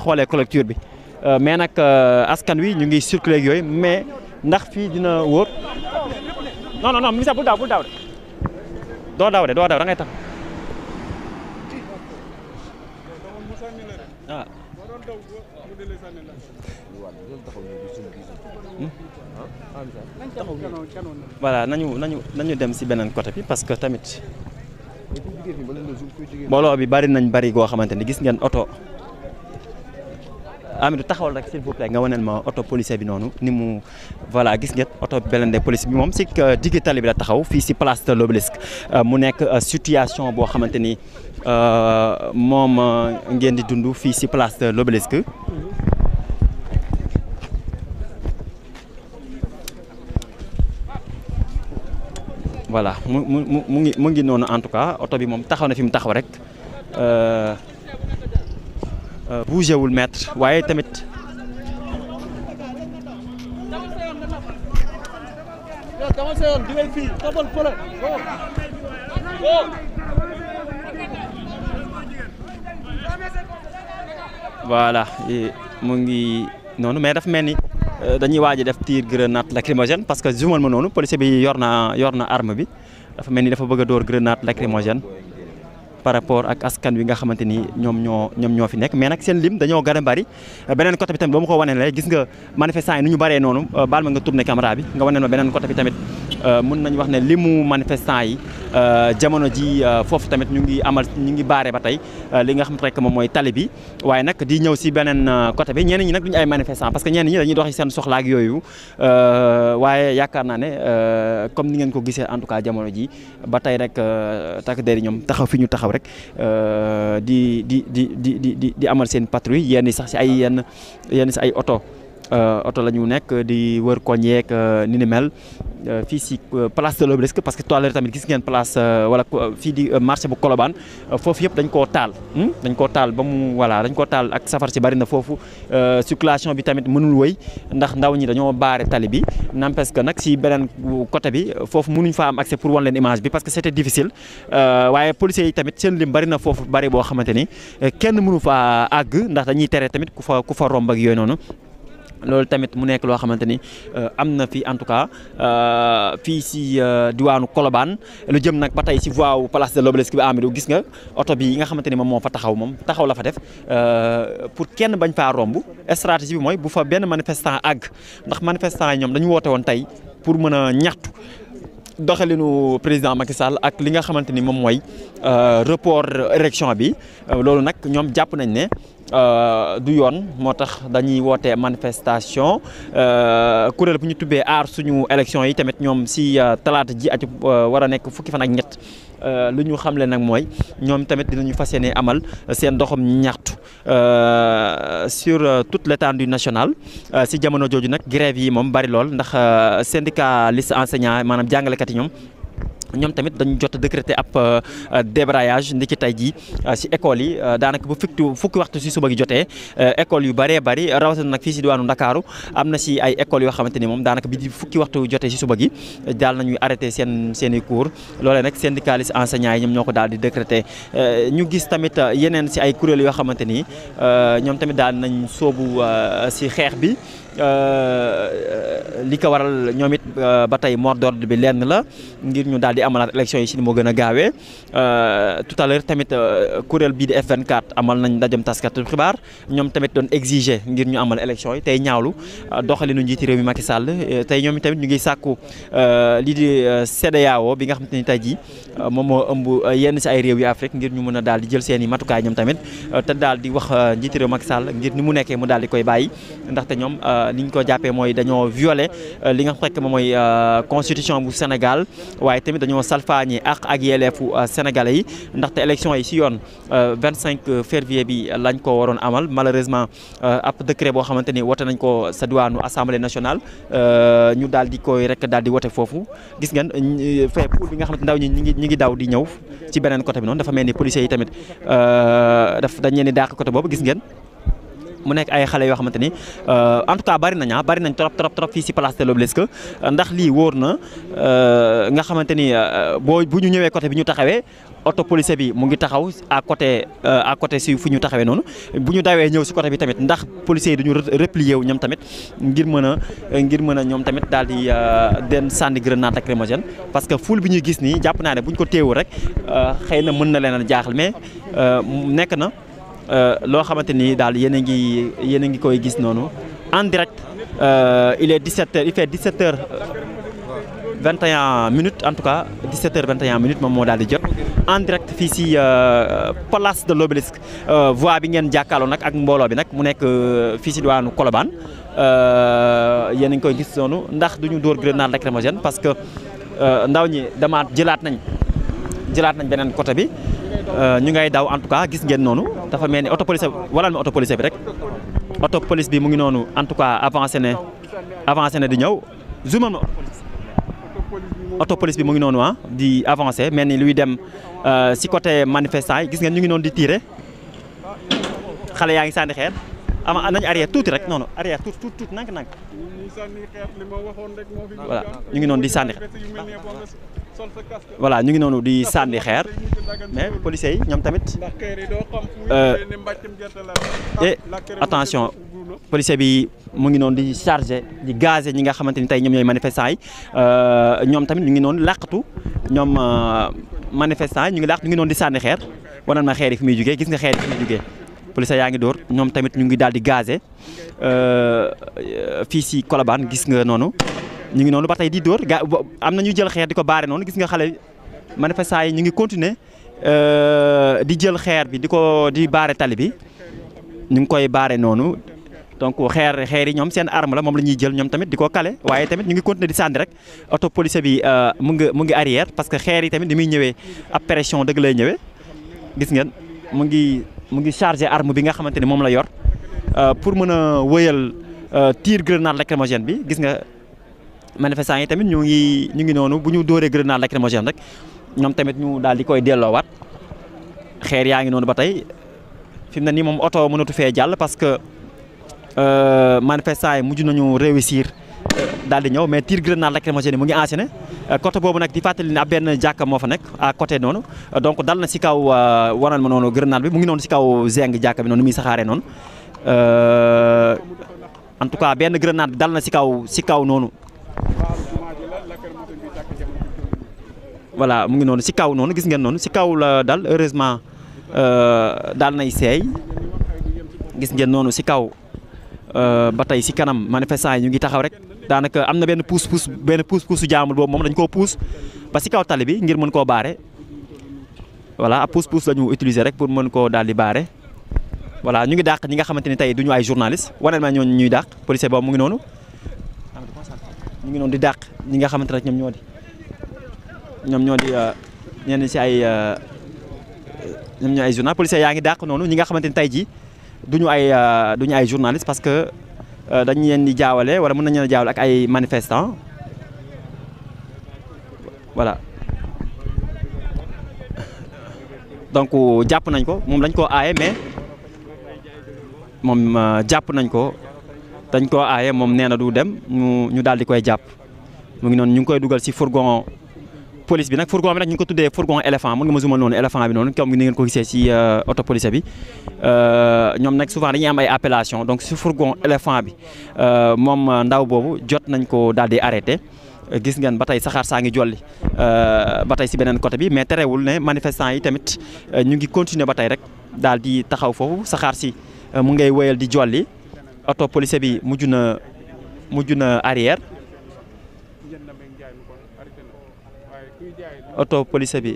xoolee collecture bi euh, mais nag euh, askan wi ñu ngi circuler yooyu mais ndax fii dina wóor non non non bul daaw bul daaw doo daaw de doo daaw da tax ah. nañu nañu nañu dem si beneen côté bi parce que tamit mbooloo bi bari nañ bari goo xamante ni gis ngeen oto. Amidou taxawal rek s'il vous plaît nga waneel ma oto policier bi noonu ni mu voilà gis ngeen oto belende police bi moom si euh, digg tali bi la taxaw fii si place de l'Obélisque euh, mu nekk euh, situation boo xamante ni moom ngeen di dund fii si place de voilà mu mu mu ngi noonu en tout cas oto bi moom taxaw na fi mu taxaw rek. bougé wul waaye tamit voilà mu ngi noonu mais daf mel ni euh, dañuy waaj def tir grenade lacrymogène parce que jumal ma noonu policier bi yor na yor na bi dafa mel ni dafa bëgg a dóor grenade lacrymogène par rapport ak askan wi nga xamante ni ñoom ñoo ñoom ñoo fi nekk mais nag seen lim dañoo gën a bari beneen côté bi tamit ba ma ko wanee la nga manifestant ñu baree noonu baal ma nga tourné caméra nga waneen ma beneen côté bi tamit Euh, mun nañu wax ne limu manifestant yi euh, jamono ji euh, foofu tamit ñu ngi amal ñu ngi baare ba tey li nga xam rek moom mooy tali bi waaye nag di ñëw si beneen côté bi ñenn ñi nag duñu ay manifestant parce que ñenn ñi dañuy doxi seen soxlaak yooyu waaye yaakaar naa ne comme ni ngeen ko gisee en tout cas jamono ji ba tey rek takk der yi ñoom taxaw fi ñu taxaw rek di di di di di di amal seen patrouille yenn sax si ay yenn yenn si ay oto Euh, oto la ñu nekk di wër koñ yeeg euh, ni ni mel euh, fii si place de l'Obélisque parce que toilette tamit gis ngeen place wala fii di marché bu Colobane foofu yëpp dañ koo taal hmm? dañ koo taal ba mu voilà dañ koo taal ak safar si bari na foofu circulation bi tamit mënul wëy ndax ndaw ñi dañoo baare tali bi n'empêche que nag si beneen côté bi foofu mënuñ fa am accès pour wan leen image bi parce que c'était difficile waaye policiers yi tamit seen lim bari na foofu bari boo xamante ni kenn mënu fa àgg ndax dañuy tere tamit ku fa ku fa romb ak noonu loolu tamit mu nekk loo xamante ni euh, am na fii en tout cas euh, fii si euh, diwaanu Colobane lu jëm nag ba tey si voie wu place de l'Obélisque bi Amidou gis nga oto bi yi nga xamante ni moom moo fa taxaw moom taxaw la fa def pour kenn bañ faa romb stratégie bi mooy bu fa benn manifestant àgg ndax manifestant yi ñoom dañu woote woon tey pour mën a ñaxtu doxalinu président Macky Sall ak li nga xamante ni moom mooy euh, report élection bi euh, loolu nag ñoom jàpp nañ ne euh, du yoon moo tax dañuy woote manifestation kuréel bu ñu tubbee aar suñu élection yi tamit ñoom si talaata ji aju war a nekk fukki fan ak ñett lu ñu xamle nag mooy ñoom tamit dinañu fa yéene amal seen doxam ñaxtu. Euh, sur euh, toute l'étendue national euh, si jamono jooju nag grève yi moom bari lool ndax syndicaliste enseignant maanaam jàngalekat yi ñoom ñoom tamit dañu jot a décréter ab euh, euh, débrayage ndi ci tey jii euh, si école yi daanaka bu fukki fukki waxtu si suba gi jotee école yu bëree bëri rawatina nag fii si Ndakaaru am na si ay école yoo xamante ni moom daanaka bi fukki waxtu jotee si suba gi daal nañuy arrêté seen seen i cours loolee nag syndicaliste enseignants yi ñoom ñoo ko daal di décréter ñu gis tamit yeneen si ay kuréel yoo xamante ni ñoom tamit daal nañ soobu si xeex bi li ko waral ñoom it euh, ba tey mot bi lenn la ngir ñu daal di amalaat élection yi si ni moo gën a gaawee euh, tout à l'heure tamit euh, kuréel bii di F24 amal nañ ndajem taskatu xibaar ñoom tamit doon exiger ngir ñu amal élection yi tey ñaawlu doxalinu njiiti réew mi Macky Sall tey ñoom tamit ñu ngi sàkku lii di CEDEAO bi nga xamante ni tey jii moom moo ëmb yenn si ay réew yu Afrique ngir ñu mën a daal di jël seen i matukaay ñoom tamit te daal di wax njiiti réew Macky ngir ni mu nekkee mu daal di koy bàyyi ndaxte ñoom niñ ko jàppee mooy dañoo violé Euh, li nga fekk moom mooy euh, constitution bu Sénégal waaye tamit dañoo salfaañi ak ak yelleefu euh, sénégalais yi ndaxte élection yi si yoon cinq février bi lañ ko waroon amal malheureusement ab décret boo xamante ni wote nañ ko sa diwaanu assemblée nationale ñu daal di koy rek daal di wote foofu gis ngeen fee pour bi nga xamante ndaw ñi ñi ngi ñi daw di ñëw ci beneen côté bi noonu dafa mel ni policiers yi tamit daf dañ leen di dàq côté boobu gis ngeen mu nekk ay xale yoo xamante ni euh, en tout bari nañ ah bari nañ trop trop trop fii si place de l'Obélisque ndax lii wóor na euh, nga xamante ni euh, boo bu ñu ñëwee côté bi ñu taxawee oto police bi mu ngi taxaw à côté à côté si fu ñu taxawee noonu bu ñu dawee ñëw si côté bi tamit ndax policiers yi dañu replier wu ñoom tamit ngir mën a ngir mën a ñoom tamit daal di den sànni grenade lacrymogène parce que foule bi ñuy gis nii jàpp naa ne buñ ko téewul rek xëy na mën na leen a jaaxal mais nekk na Euh, loo xamante ni daal yéen a ngi yéen a ngi koy gis noonu en direct euh, il est 17h il fait 17h euh, 21 minutes en tout cas 17h 21 minutes moom moo daal di jot. en direct fii si palace de l'obélisque voie bi ngeen jàkkaarloo nag ak mbooloo bi nag mu nekk fii si diwaanu Colobane yéen a ngi koy gis noonu ndax du ñu dóor grenade lacrymogène parce que ndaw ñi damaat jëlaat nañ jëlaat nañ beneen côté bi. Euh, ñu ngay daw en tout cas gis ngeen noonu dafa mel ni auto police walaal mi auto police bi rek auto police bi mu ngi noonu en tout cas avance na avancé na di ñëw zoomal ma auto police bi mu ngi noonu ah di avancé mel ni luy dem euh, si côté manifestant yi gis ngeen ñu ngi noonu di tiire xale yaa ngi sànni xeer ama nañu arrière tuuti rek noonu arrière tuuti tuuti tuuti nank nank voilà ñu ngi noonu di sànni xeer voilà ñu ngi noonu di sànni xeer mais policiers yi ñoom tamit euh, et attention policier bi mu ngi noonu di chargé di gazé ñi nga xamante ni tey ñoom ñooy manifestants yi euh, ñoom tamit ñu ngi noonu làqatu ñoom euh, manifestants yi ñu ngi làq ñu ngi noonu di sànni xeer wanal ma xeer yi fi muy jugee gis nga xeer fi muy jugee policier yaa ngi door ñoom tamit ñu ngi daal di gazé fii si Colobane gis nga noonu ñu ngi noonu ba tey di dóor ga am na ñu jël xeer di ko baare noonu gis nga xale manifestant yi ñu ngi continuer euh, di jël xeer bi di ko di baare tali bi ñu ngi koy baare noonu donc xeer xeer yi ñoom seen arm la moom la ñuy jël ñoom tamit di ko kale waaye tamit ñu ngi continuer di sànni rek auto police bi euh, mu ngi mu ngi arrière parce que xeer yi tamit ni muy ñëwee ab pression dëgg lay ñëwee gis ngeen mu ngi mu ngi chargé arme bi nga xamante ni moom la yor euh, pour mën a wëyal tir grenade lacrymogène bi gis nga. manifestants yi tamit ñu ngi ñu ngi noonu bu ñu dóoree grenade lacrymogène rek ñoom tamit ñu daal di koy xeer yaa ngi noonu ba tey fi mu ne nii moom oto mënatu fee jàll parce que euh, manifestants yi mujj nañu réussir euh, daal di ñëw mais tir grenade lacrymogène mu ngi enchaîné euh, côté boobu nag di fàttali ne ab benn jàkka moo fa nekk à côté noonu donc dal na si kaw waral ma noonu grenade bi mu ngi noonu si kaw zeng jàkka bi noonu muy saxaaree noonu en tout cas benn grenade dal na si kaw si kaw noonu. voilà mu ngi noonu si kaw noonu gis ngeen noonu si kaw la dal heureusement euh, daal nay seey gis ngeen noonu si kaw euh, ba tey si kanam manifestant yi ñu ngi taxaw rek daanaka am na benn puus puus benn puus puusu jaamul boobu moom dañ koo puus ba si kaw tali bi ngir mën koo baare voilà puus puus la ñu utiliser rek pour mën koo daal di baare voilà ñu ngi dàq ñi nga xamante ni tey du ñu ay journaliste waneel ma ñooñu ñuy dàq policier boobu mu ngi noonu ñu ngi noonu di dàq ñi nga xamante ne ñoom ñoo di. ñoom ñoo di euh, ñenn si ay euh, ñoom ñoo ay journal policier yaa ngi dàq noonu ñi nga xamante ni tey jii duñu ay euh, duñu ay journaliste parce que dañ yeen di jaawale wala mën nañu leen jaawale ak ay manifestant voilà donc jàpp nañ ko moom lañ koo aaye mais moom jàpp nañ ko dañ koo aaye moom nee na du dem ñu ñu daal di koy jàpp mu ngi noonu ñu ngi koy dugal si fourgon. police bi nag fourgon bi nag ñu ngi ko tuddee fourgon éléphant mën nga ma zoomal noonu éléphant bi noonu comme ni ngeen ko gisee euh, euh, ñoom nag souvent dañuy am ay appellation donc si fourgon éléphant bi euh, moom ndaw boobu jot nañ ko daal di arrêté gis ngeen ba tey saxaar saa ngi jolli ba tey si beneen côté bi mais terewul ne manifestant yi tamit ñu ngi continuer ba tey rek daal di taxaw foofu saxaar si mu ngay wéyal di jolli auto police bi mujj na mujj na arrière oto police bi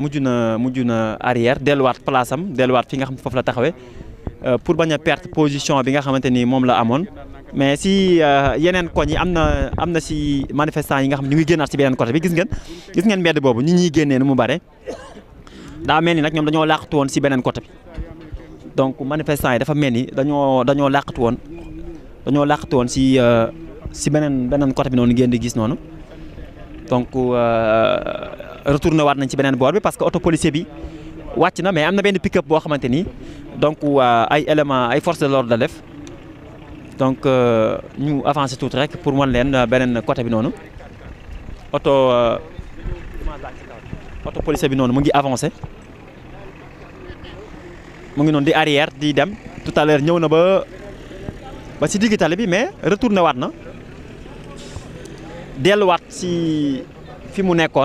mujj na mujj na arrière delluwaat place am delluwaat fi nga xam foofu la taxawee euh, pour bañ a perte position bi nga xamante ni moom la amoon mais si euh, yeneen koñ yi am na am na si manifestants yi nga xam ñu ngi génnaat si beneen côté bi gis ngeen gis ngeen mbedd boobu ñi ñuy génnee mu bare daa mel ni nag ñoom dañoo làqatu woon si beneen côté bi donc manifestants yi dafa mel ni dañoo dañoo làqatu woon dañoo làqatu woon si euh, si beneen beneen côté bi noonu ngeen di gis noonu. donc euh, retourné waat nañ ci beneen boor bi parce que auto policier bi wàcc na mais am na benn pick-up boo xamante ni donc euh, ay élément ay forces de l'ordre la def donc euh, ñu avancer tuuti rek pour mën leen beneen côté bi noonu auto auto policier bi noonu mu ngi avancé mu ngi noonu di arrière di dem tout à l'heure ñëw na ba ba si digg tali bi mais retourné waat na. delluwaat si fi mu nekkoon